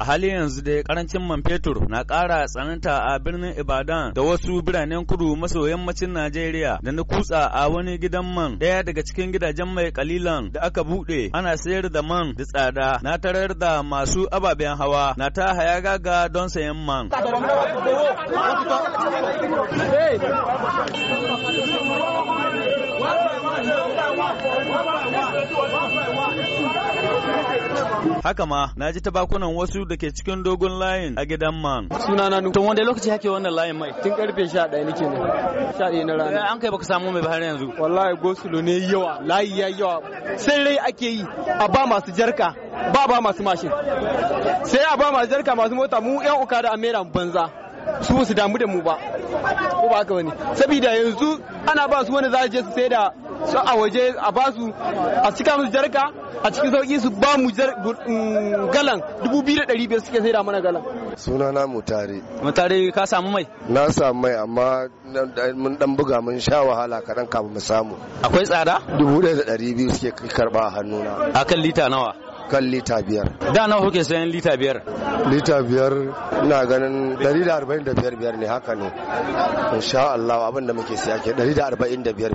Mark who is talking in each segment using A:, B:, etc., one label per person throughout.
A: A halin yanzu dai karancin man fetur na ƙara tsananta a birnin Ibadan da wasu biranen kudu maso yammacin Najeriya da na kutsa a wani gidan man ɗaya daga cikin gidajen mai kalilan da aka buɗe ana sayar da man da tsada na tarar da masu ababen hawa na ta haya gaga don sayan man. Haka ma na ji ta bakunan wasu da ke cikin dogon layin a gidan man. Suna
B: na Tun wanda lokaci hake wannan layin mai? Tun karfe 11 nake ne. daya na rana. Eh, an kai baka samu mai bahar yanzu. Wallahi gosulo ne yawa, layi ya yawa. Sai rai ake yi a ba masu jarka, ba ba masu mashin. Sai a ba masu jarka masu mota mu yan uka da amera banza. su su damu da mu ba ko ba haka bane saboda yanzu ana ba su wani za je su sai da su a waje a ba su a cika musu jarka a cikin sauki su ba mu mm, galan dubu biyu da ɗari biyar suke sai da mana galan
C: suna na mutare mutare ka samu mai na samu mai amma mun dan buga mun sha wahala kaɗan kafin mu samu akwai tsada dubu ɗaya da ɗari biyu suke karɓa a hannuna akan lita nawa kan lita biyar. Da nawa kuke sayan lita biyar? Lita biyar na ganin 145 biyar ne haka ne. Insha Allah abin da muke siya ke 145 biyar.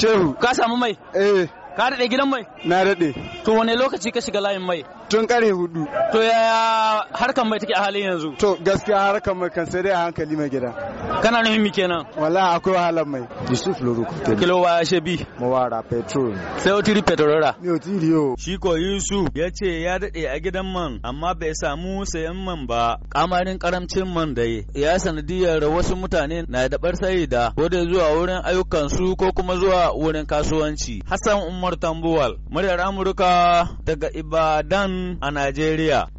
C: Shehu. Ka
A: samu mai? Eh. Ka daɗe gidan mai? Na daɗe. To wane lokaci ka shiga layin mai? tun kare hudu. To yaya harkan mai take a halin
B: yanzu? To gaskiya harkan mai kan sai dai a hankali mai
A: gida. Kana nufin mi kenan? Wallahi akwai wahalar mai.
C: Yusuf Loruk. Kilo wa shebi. Mawara petrol.
A: Sai otiri petrolera. Ni otiri yo. Shi ko Yusuf ya ce ya dade a gidan man amma bai samu sayan man ba. Kamarin karamcin man da ya sanadiyar wasu mutane na da sayida. da wadda zuwa wurin ayyukan su ko kuma zuwa wurin kasuwanci. Hassan Umar Tambuwal. Muryar Amurka daga Ibadan a Najeriya.